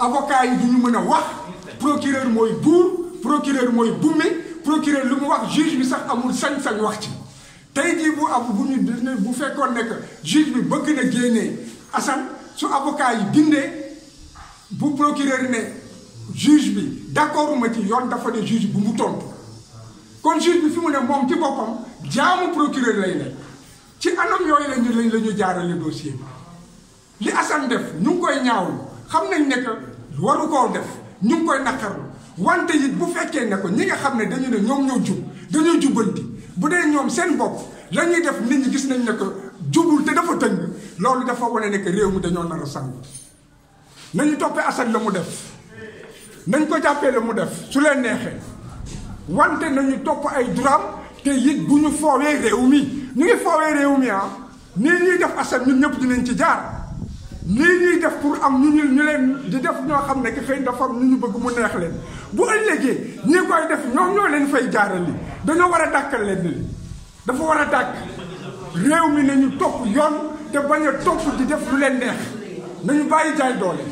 avocat yi ñu mëna wax procureur moy bour procureur moy bumme procureur lu mu wax juge bi sax amul sañ-sañ wax ci tay ji bu am bu ñu bu fekkoon nek juge bi bëgg na génnee Assane su avocat yi bindee bu procureur ne juge bi d'accord ma ci yoon dafa ne juge bu mu tontu kon juge bi fi mu ne mom ci boppam jaamu procureur lay ne ci anam yoy lañu lañu jaarale dossier bi li Assane def ñu koy ñaawlu xam nañ nek waru koo def ñu ngi koy naqarlu wante it bu fekkee ne ko ñi nga xam ne dañu ne ñoom ñoo jub dañoo jubanti bu dee ñoom seen bopp la ñuy def nit ñi gis nañ ne ko jubul te dafa tëng loolu dafa wane ne que réew mi dañoo nar a sàng nañu toppee la mu def nañ ko jàppee la mu def su leen neexee wante nañu topp ay duram te it bu ñu foowee réew mi ñu ngi foowee réew mi ah nii ñuy def Assane ñun ñëpp dinañ ci jaar. lii ñuy def pour am ñu ñu ñu leen di def ñoo xam ne ki xëy dafa am ñu ñu bëgg mu neex leen bu ëllëgee ñi koy def ñoom ñoo leen fay jaarali dañoo war a dàkkal leen li dafa war a dàkk réew mi ñu topp yoon te bañ a topp di def lu leen neex nañu bàyyi jaay doole